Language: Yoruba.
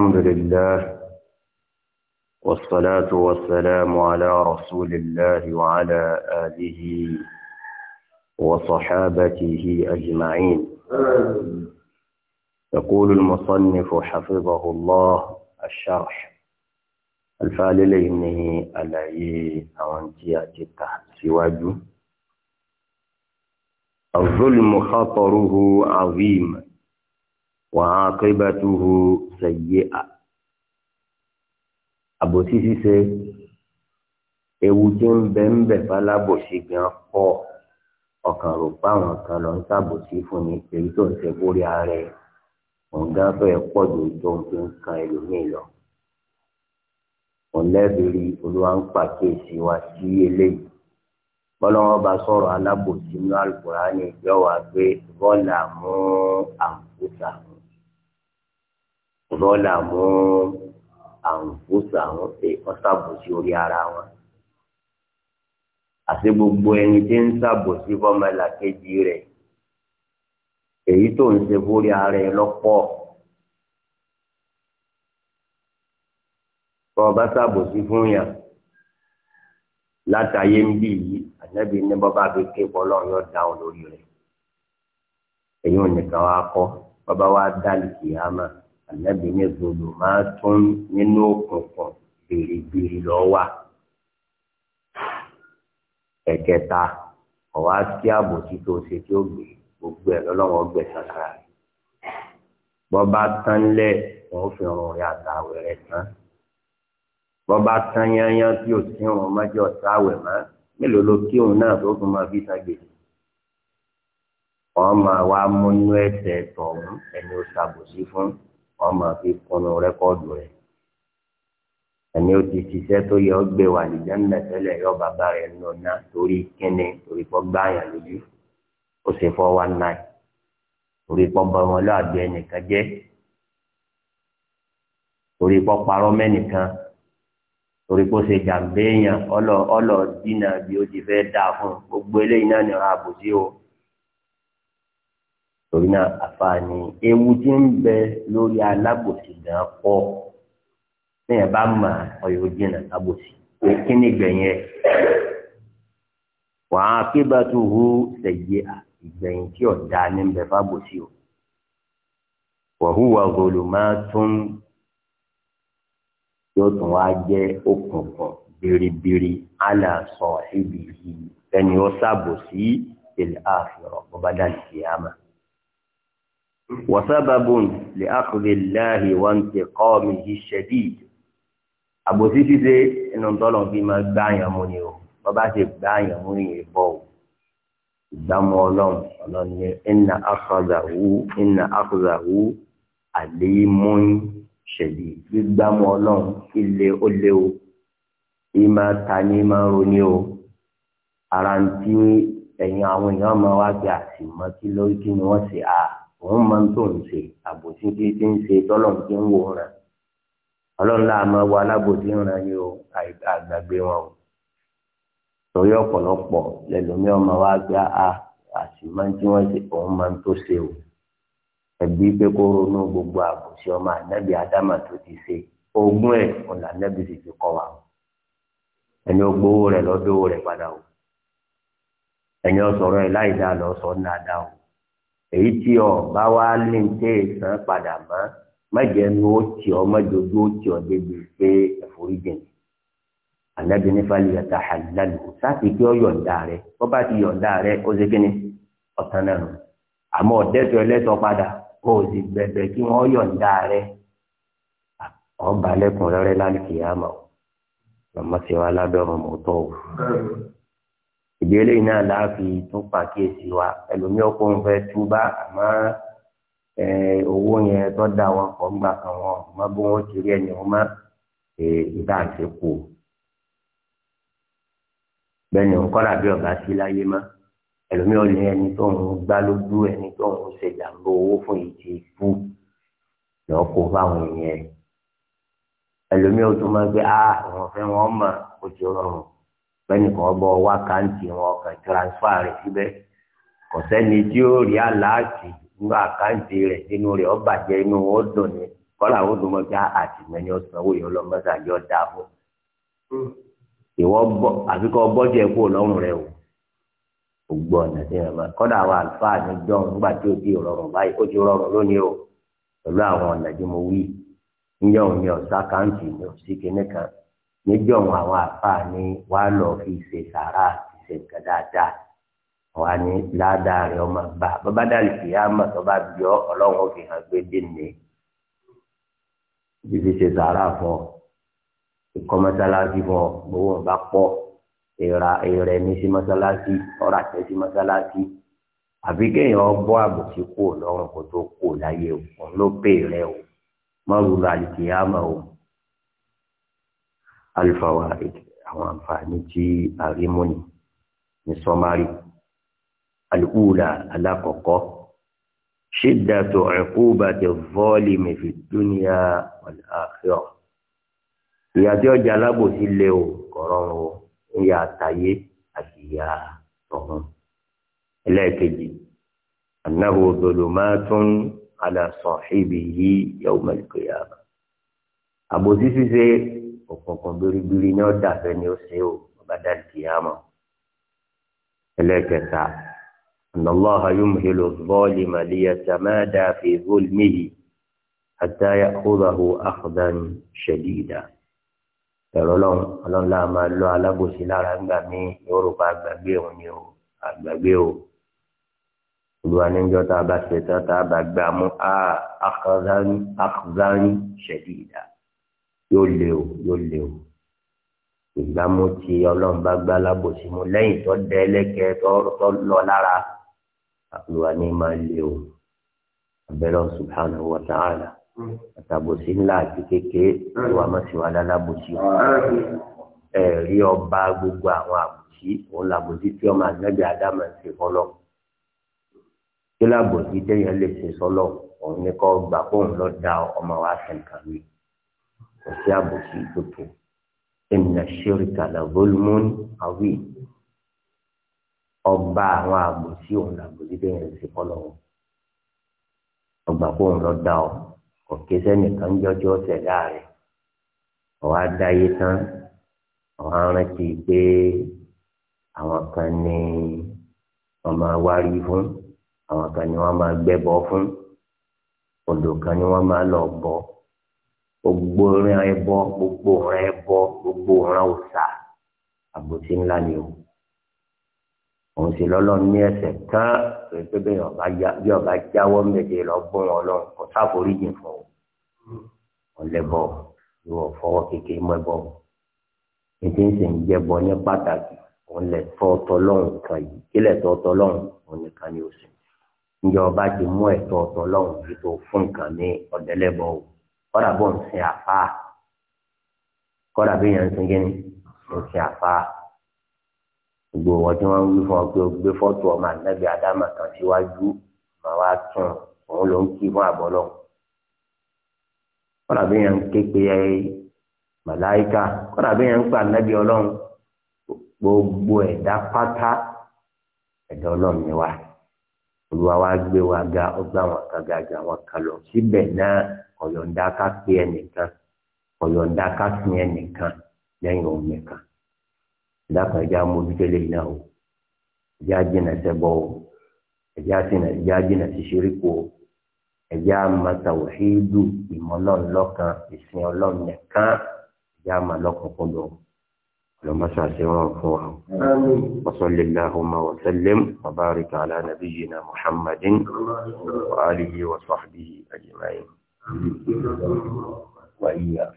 الحمد لله والصلاة والسلام على رسول الله وعلى آله وصحابته أجمعين يقول المصنف حفظه الله الشرح الفاللين علي أوانتيات التحت سواجه الظلم خطره عظيم wa'aqibatuhu sayyi'a àbòsí ṣíṣe ewu tí ń bẹ ń bẹ falábòsí gan pọ ọkàn rò páwọn kan lọ ń ṣàbòsí fún ni èyí tó ń ṣe kórè ààrẹ òun gan fẹ́ pọ̀ ju tó ń fi ń kan ẹlòmíì lọ òun lẹ́bìrì olúwa ń pàkíyèsí wa sí eléyìí bọ́lọ́wọ́ bá sọ̀rọ̀ alábòsí ní Al-Qur'ani yọ wá pé bọ́ọ̀lù àmú àǹkúta rọ́là mú àǹfóṣà wọn pé wọ́n ṣàbòsí orí ara wọn. àti gbogbo ẹni tí ń ṣàbòsí fọmọlà kejì rẹ̀ èyí tó ń ṣe fórí ara ẹ lọ́pọ̀. tọ́ ọ bá ṣàbòsí fún yàn látàyé ń bì yìí ànábì ní bàbá àbí kéèpọ̀ lọ́run yóò dáhùn lórí rẹ̀ èyí ò nìkan wá kọ́ bàbá wa dálì kìí máa ànábì ní gbòòlò máa tún nínú òkùnkùn bèrèbèrè lọ wà. ẹ̀kẹta ọ̀wá kí àbòsí tó ṣe tí ó gbé gbogbo ẹ̀ lọ́lọ́wọ́ gbẹ̀ sákàrà rẹ̀. bọ́ bá tán lẹ̀ wọ́n fi ọrùn rẹ̀ àtàwẹ̀ rẹ̀ tán. bọ́ bá tán yányán tí ò sí ọrùn mọ́jọ́ sáwẹ̀ mọ́ mélòó ló kí òun náà tó tún máa fi tán wọ́n máa wá múnú ẹ̀sẹ̀ tọ̀hún ẹni ó ṣàbòsí fún wọ́n máa fi kunu rẹ́kọ́ọ̀dù rẹ ẹni o ti ṣiṣẹ́ tó yẹ ọ́ gbé wà lìjẹ́ yọ bàbá rẹ ń na torí kíni torí kọ́ gbáyàn lójú ó ṣe fọ́ wá náà torí kọ́ wọn láàbí ẹnìkan torí parọ torí ọlọ ọlọ dínà bí ti fún o torí náà àfààní ewu tí ń bẹ lórí alábòsí gan pọ̀ téèyàn bá mà ọyọ jìnnà sábòsí kí ni gbẹ̀yìn ẹ̀ wà á kébà tó hu sẹ̀yẹ ìgbẹ̀yìn tí ọ̀dà ní bẹ fábòsí o wàhùwà gòlùmá tún yóò tún wá jẹ́ òkùnkùn biribiri ala sọ ibi yìí ẹni ó sábòsí ìlà àfihàn bọ́bá dàlùkìyàmà. وسبب لأخذ الله وانتقامه الشديد àbòsí ṣíṣe inú tọ́lọ̀ fi máa gbáyàn mú ni o wọ́n bá ṣe gbáyàn mú ni ìbọ̀ o ìgbàmú ọlọ́run ọlọ́run ní inna akhzahu inna akhzahu alimun shadid gbígbàmú ọlọ́run ilé ó lé o ìmọ̀ ta ni máa ń ronú o ara ń tí ẹ̀yìn àwọn èèyàn máa wá gbé àsìmọ́ kí lórí kí ni wọ́n ṣe á. òun máa ń tó ń ṣe àbòsí ti ń ṣe tọ́lọ́run ti ń wò ń ràn ọlọ́run náà máa wọ alábòsí ń ràn yín o àgbàgbé wọn o torí ọ̀pọ̀lọpọ̀ lẹ́lòmíràn máa wá a àti máa ń tí wọ́n ṣe òun máa ń tó ṣe o ẹbí pé kó gbogbo àbòsí ọmọ ànábì ádámà tó ti ṣe ogún ẹ̀ ọ̀là ànábì ti kọ́ o ẹni ó gbowó rẹ̀ lọ́dọ̀ o ẹni ó sọ̀rọ̀ ẹ̀ láì dáa lọ́ sọ èyí tí ọ bá wá ní ìsàn padà mọ́ mẹjẹ nu ó tì ọ ó tì ọ débi pé ẹforíjìn anabi nífa lè àlàlù sáàtì kí ọ yọ̀ǹda rẹ bó bá ti rẹ ó ṣe kíni náà padà sì kí wọ́n yọ̀ǹda rẹ ọba ọmọ o. ìdílé náà láàfi tún pàkíyèsí wa ẹlòmíì ọkọ ń fẹ́ túbá àmọ́ owó yẹn tó da wọn pọ̀ ńgbà kan wọn mọ bí wọn ti rí ẹni wọn mọ ìbá àṣepò bẹ́ẹ̀ni nkọlà bí ọba sí láyé mọ ẹlòmíì ọ lé ẹni tó ń gbá lójú ẹni tó ń ṣèjàmbá owó fún yìí ti lọ́ọ́ kó fáwọn èèyàn ẹlòmíì ó tún gbé ah, àwọn ọ̀fẹ́ wọn mọ̀ ó ti rọrùn. pẹ́nìkan ọba ọwá káǹtì wọn kàn transfer rẹ̀ síbẹ̀ kò sẹ́ni tí ó rí aláàtì nínú àkáǹtì rẹ̀ nínú rẹ̀ ọba jẹ́ inú ó dùn ní kọ́lá ó dùn mọ́ àtìmẹ́ni ah, ah, ọ̀sánwó ọlọ́mọdé àjọ dáa hmm. ìwọ gbogbo ọ̀nà tí wọn bá àwọn àlùfáà ní dán nígbà tí ó ti rọrùn ni ọ̀sá káǹtì níjọ́ àwọn àfáà ni wàá lọ fi ṣe sàrà ṣe nǹkan dáadáa wàá ní ládàá rẹ ọmọ bá bàbá dàlí kìí àmọ́ tó bá bí ọ ọlọ́run fi hàn gbé dènè fífi ṣe sàrà fún ọ ikọ mọ́sálásí fún ọ gbowó ọba pọ ìra ìrẹ ní sí mọ́sálásí ọ̀rọ̀ àtẹ sí mọ́sálásí àbí kéèyàn bọ́ àbòsí kúò lọ́rùn kó tó kúò láyé o òun ló pè rẹ o mọrùlù àlìkìyàmọ o alfawaid àwọn àǹfààní tí àrímúni ní sọmárì alùpùlà alákọ̀ọ́kọ́ ṣídàtò ẹ̀kúbàtì vọ́ọ̀lìmì fi dúnìá àfihàn ìyá tí ọjà alábòsí lé o kọ̀rọ̀rùn o ìyá àtàyé àti ìyá tọ̀hún ẹlẹ́ẹ̀kejì annahu dhulumatun ala sahibihi yawm àbòsí ṣíṣe òkùnkùn biribiri ní ọ̀dà fẹ́ ni ó ṣe o ọba dàdí kìyàmọ̀ ẹlẹ́kẹta anallaha yumhilu adh-dhalima liyatamada fi dhulmihi hatta ya'khudhahu akhdan shadida ẹ̀rọ lọ́n ọlọ́nla máa lọ alábòsí lára ńgbà mí yorùbá àgbàgbé òun ni o àgbàgbé o olùwà níjọ́ tá a bá ṣe tán tá a bá gbà mú a akhdan yóò lé o yóò lé o ìgbàmú tí ọlọ́run bá gbá lábòsí mu lẹ́yìn tó dẹ ẹlẹ́kẹ́ tó lọ lára àlùwà ní máa lé o abẹ́rẹ́ subhanahu wa ta'ala hmm. àtàbòsí ńlá àti kékeré ìwà hmm. mọ̀síwádà lábòsí hmm. ẹ̀rí ọba gbogbo àwọn àbòsí òun làbòsí tí ọmọ ànábì ádámà ń ṣe fọlọ́ kí làbòsí téèyàn lè ṣe sọlọ́ òun ní kọ́ gbà kóun lọ́ọ́ da ọmọ wa sẹ̀ǹkà mi kò sí àbòsí tuntun inna shirka la zulmun awi ọba àwọn àbòsí òun làbòsí bẹ́ẹ̀ ń ṣe kọ́ lọ́wọ́ ọgbà kó òun lọ dá ọ kò ké sẹ́nìkan jọjọ́ ṣẹ̀dá rẹ̀ ọ̀wá dáyé tán àwọn arántí pé àwọn kan ní wọ́n wárí fún àwọn kan ní wọ́n máa gbẹ́bọ fún odò kan ní wọ́n máa lọ bọ gbogbo ìran ẹbọ gbogbo ìran ẹbọ gbogbo ìran òòṣà àbòsí ńlá ni o òun sì lọ́lọ́run ní ẹsẹ̀ kán pé bí ọba jáwọ́ mẹ́jẹ lọ bọ́ wọn lọ kò sáforíjìn fún ọ ọlẹ́bọ ìwọ fọwọ́ kékeré mọ́ ẹbọ ètò ìsìn ń jẹbọ ní pàtàkì òun lẹ tọ́tọ́ lọ́hùn kan yìí kílẹ̀ tọ́tọ́ lọ́hùn òun nìkan ni ó sìn ìjọba ti mú ẹ̀tọ́ ọ̀tọ́ lọ́hùn yìí tó fún nǹkan ní ọ̀dẹ́lẹ́bọ o kọ́dà bọ̀ ń sin àfa kọ́dà bí yẹn ń sin gíní ń sin àfa gbogbo wọn tí wọn ń wí fún ọ pé o gbé fọ́tò ọmọ ànábì ádámà kan síwájú màá wá tún òun ló ń kí fún àbọ̀ lọ kọ́dà bí yẹn ń ké pe màláìka kọ́dà bí yẹn ń pa ànábì ọlọ́run gbogbo ẹ̀dá pátá ẹ̀dá ọlọ́run ni wá olùwà wa gbé wa ga ọgbà wọn kan ga ju àwọn kan lọ síbẹ̀ náà ọ̀yọ̀ǹda ká pé ẹnìkan ọ̀yọ̀ǹda ká sin ẹnìkan lẹ́yìn òun nìkan ìdákan ẹja mójútélé iná o ẹja jìnà sẹ́bọ o ẹja jìnà sísíríkò o ẹja màtàwọ̀hídù ìmọ̀lọ́nlọ́kan ìsìn ọlọ́run nìkan ẹja màlọ́kùnkùn لمسع سواك وصل اللهم وسلم وبارك على نبينا محمد وآله وصحبه أجمعين وإياكم